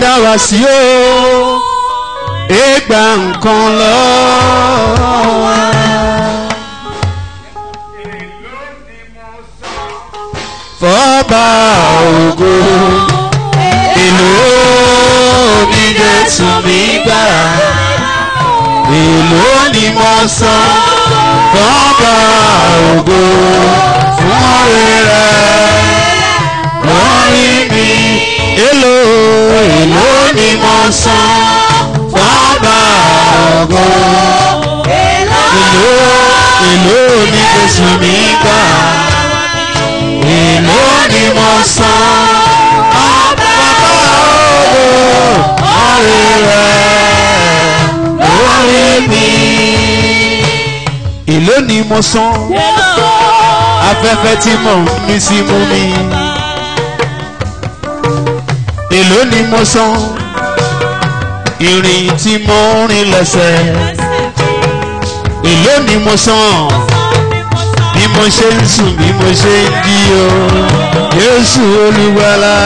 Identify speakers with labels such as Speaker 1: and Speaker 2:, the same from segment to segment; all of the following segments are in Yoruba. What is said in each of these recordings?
Speaker 1: dá wa sí o ìgbà nǹkan lọ́wọ́ wa. fọ́ọ̀bà ògo ìlú mi jẹ́ tún mi gbà ìlú ni mo san fọ́ọ̀bà ògo fún ọ̀rẹ́ rẹ̀. sàn fábà ògo. Èló èló ni Jésù mi gbà. Èló ni mo sàn fábà ògo. Orí
Speaker 2: rẹ̀ lórí mi. Èló ni mo sàn. Afẹ́fẹ́ tí mò ń mí sí mú mi. Èló ni mo sàn ìrìn tí mo rìn lẹ́sẹ̀ èló ni mo san bí mo ṣe ń sùn bí mo ṣe ń jí o
Speaker 1: Jésù olùgbàlà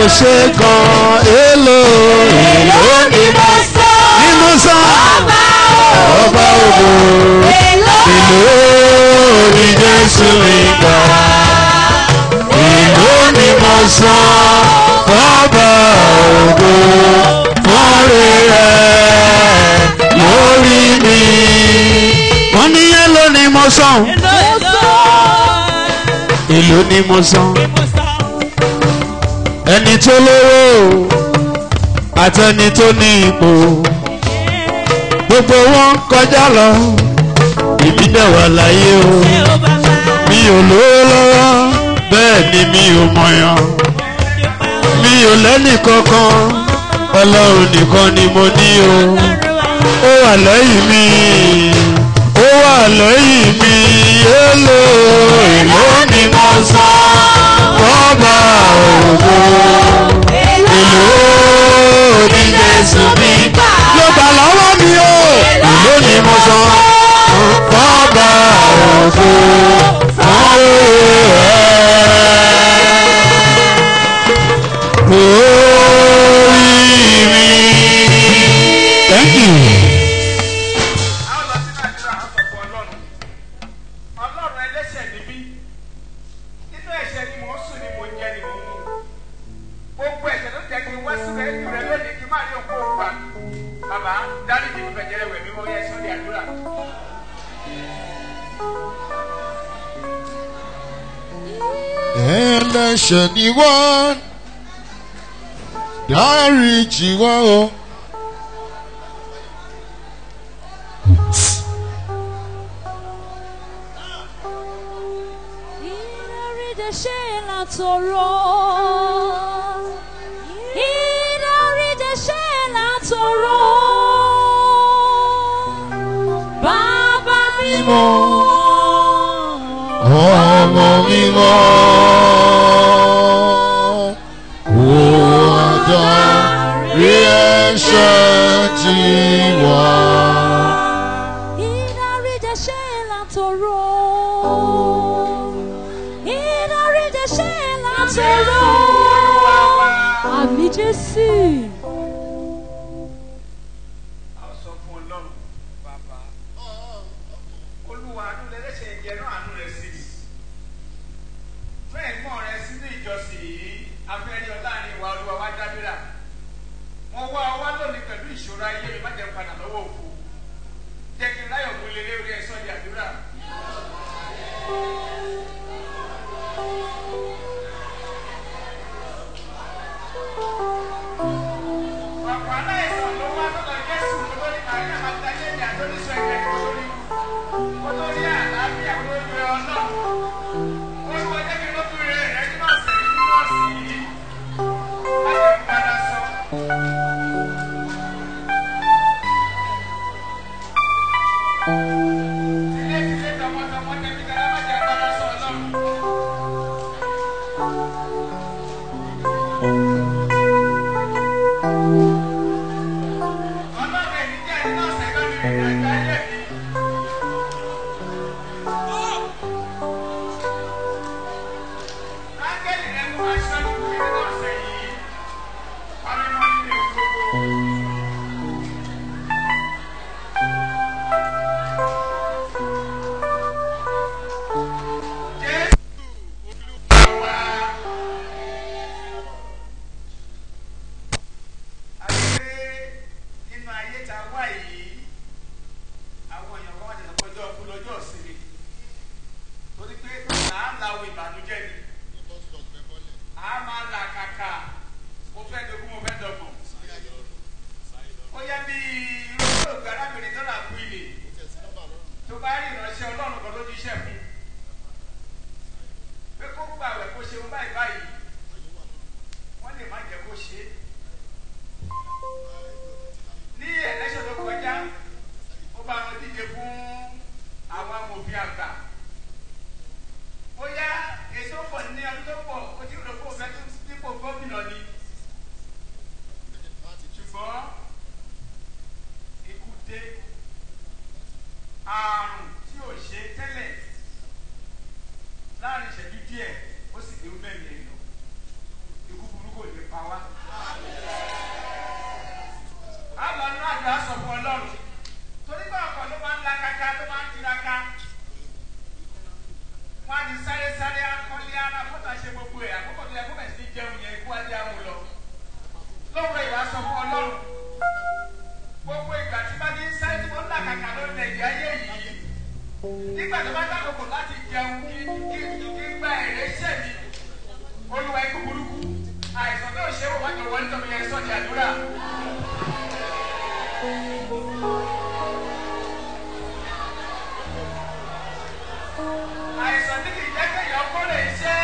Speaker 1: ó ṣe kan èló èló ni mo san ni mo san ọba ògo èló ni Jésù ìgbàlà èló ni mo san ọba ògo.
Speaker 2: ni mo san ẹni tó lówó àtẹni tó ní ipò gbogbo wọn kọjá lọ èmi dẹ̀ láyé o mi ò lówó lọ́wọ́ bẹ́ẹ̀ ni mi ò mọ̀yàn mi ò lẹ́nì kankan ọlọ́run nìkan ni mo ní o ó wà lẹ́yìn mi ó
Speaker 1: wà lẹ́yìn. sọ bọ́ọ̀bà òfin. ẹ̀ṣẹ̀ ni wọ́n dáríjì wọ́n o. toro ìdarí dẹṣẹ látoro bàbá mímọ́ ọmọ mímọ́. Marcelo! Amici
Speaker 2: bí irú olóògbé arábìnrin tó là kú ilé tó bá rí ìránṣẹ́ ọlọ́run kan lójú iṣẹ́ fún pé kó gbàwẹ̀ kó ṣe ń báyìí báyìí wọ́n lè má jẹ́ kó ṣe é. àìsàn tí kì í jẹ́ kéèyàn kó lè ṣe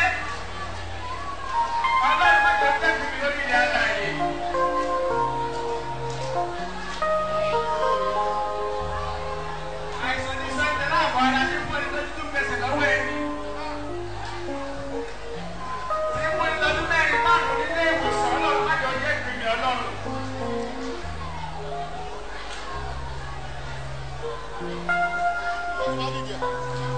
Speaker 2: ọlọ́run mọ́tò tẹ́kùn mi lórí ilẹ̀ alàyè. àìsàn tí sọ́jọ́ náà bọ̀ ara ṣe fún ẹni tó tún fẹsẹ̀ lọ́wọ́ ẹni. tí wọ́n ń lọ́dún mẹ́rin márùn-ún nílé ìwòsàn ọlọ́run mọ́tò jẹ́ ìgbìmọ̀ ọlọ́run. Thank you.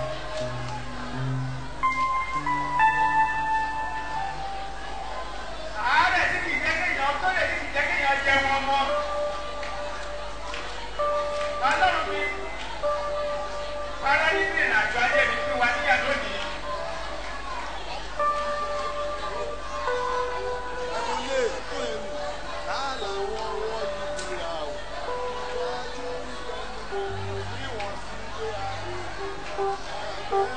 Speaker 2: ごめんね。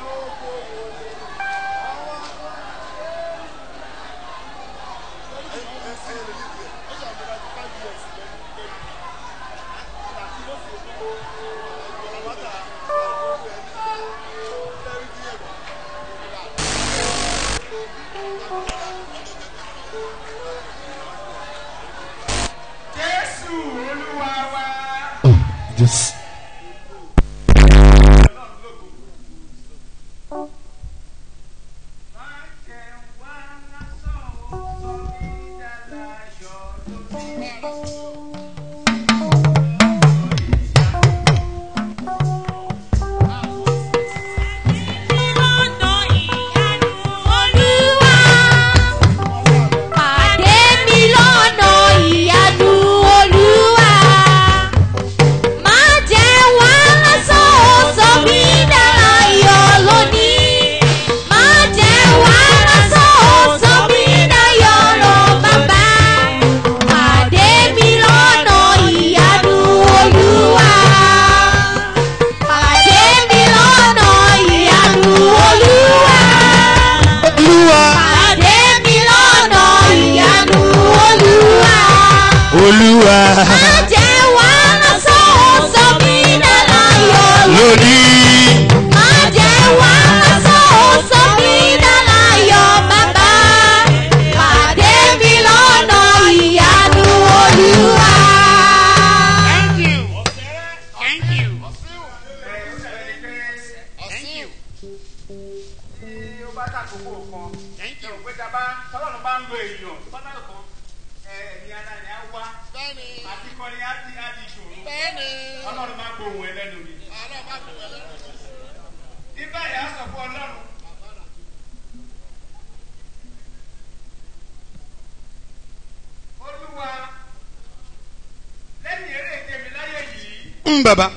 Speaker 2: baba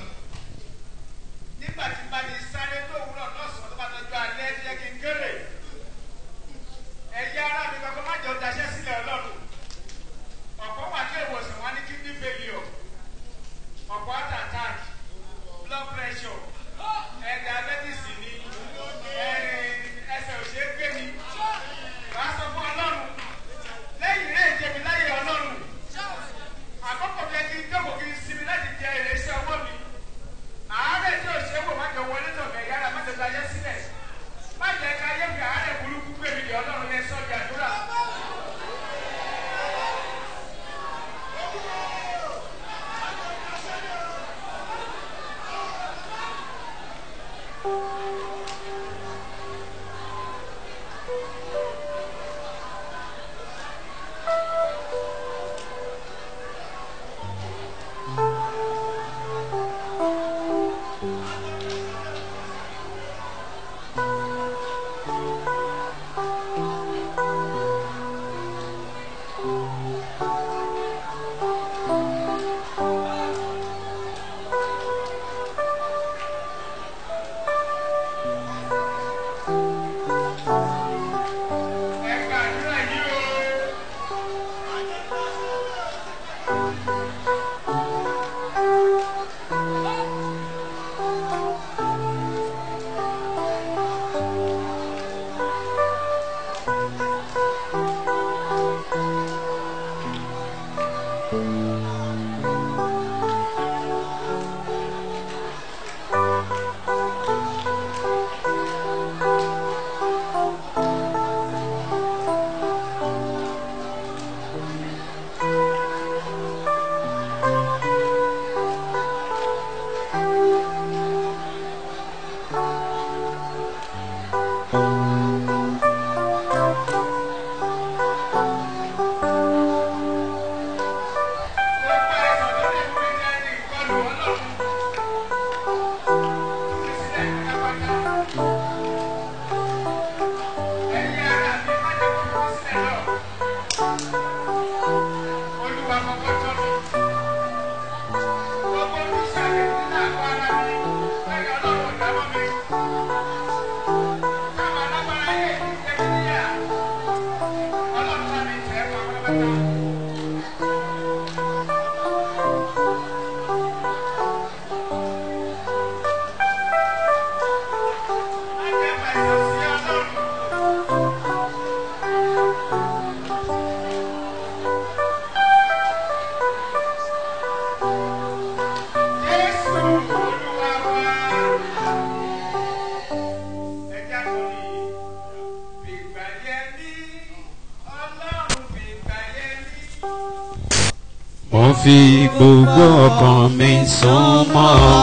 Speaker 1: mo fi gbogbo ọkàn mi sún mọ́ ọ.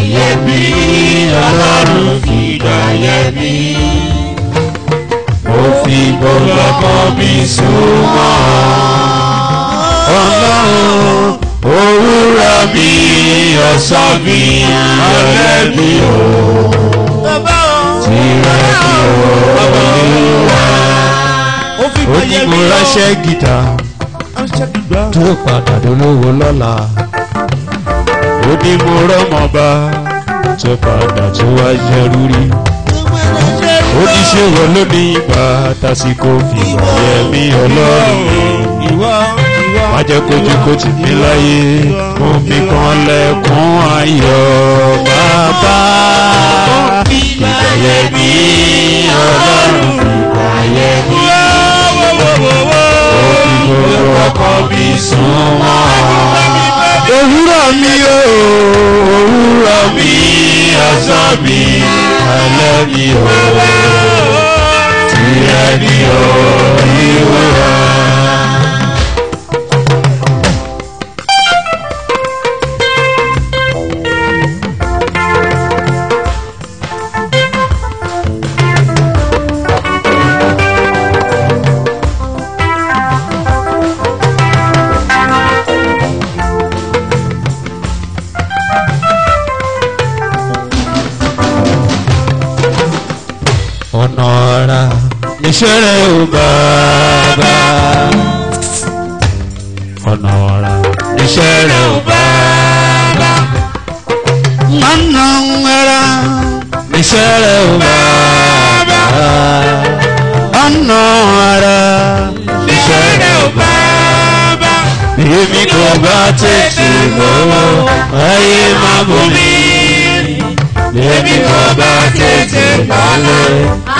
Speaker 1: ìyẹ́bí ọlọ́run fìgbà yẹ́bí mo fi gbogbo ọkàn mi sún mọ́ ọ. ọlọ́run òwúrọ̀ mi ọ̀sán mi alẹ́ mi o tìrẹ o mo ránṣẹ́ gìtá tó padà dolówó lọ́la
Speaker 2: ó ní mo rọ́mọba tó padà tó wá jẹrú rí ó ní ṣé wọ́n ló ní ipa tásìkò fìgbà
Speaker 1: yẹmí ọlọ́run má jẹ́ kojú kó láyé omi kan lẹ́kún ayọ̀ bàbá fìgbà yẹmí ọlọ́run fìgbà yẹmí ọkọ̀ mi sùn mọ́. Òwúrọ̀ mi o, òwúrọ̀ mi, ọ̀sán mi, alẹ́ mi o, tìrẹ ni o, ìwúrọ̀. ṣeré o bàbá. ọ̀nà ọ̀ra ní ṣeré o bàbá. ọ̀nà ọ̀ra ní ṣeré o bàbá. ọ̀nà ọ̀ra ní ṣeré o bàbá. èmi kò bá tètè lọ́wọ́ ayé má bomi. èmi kò bá tètè lọ́lẹ̀.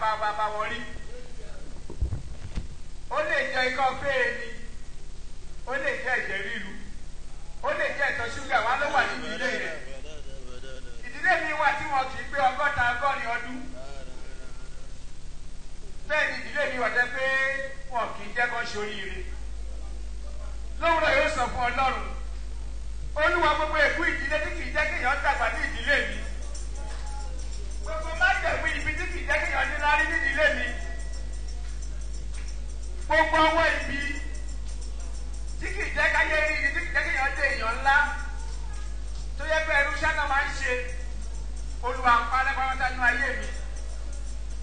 Speaker 2: bàbá wa bá wọn rí ó lè jẹ́ ikọ́ fẹ́ẹ́ ni ó lè jẹ́ ẹ̀jẹ̀ ríru ó lè jẹ́ ìtọ̀ ṣúgà wa ló wà nínú ilé rẹ̀ ìdílé mi wà tí wọn kì í pé ọgọ́ta ọgọ́rin ọdún bẹ́ẹ̀ ni ìdílé mi wà jẹ́ pé wọn kì í jẹ́ kó ṣoríire lówùrọ̀ yóò sọ fún Ọlọ́run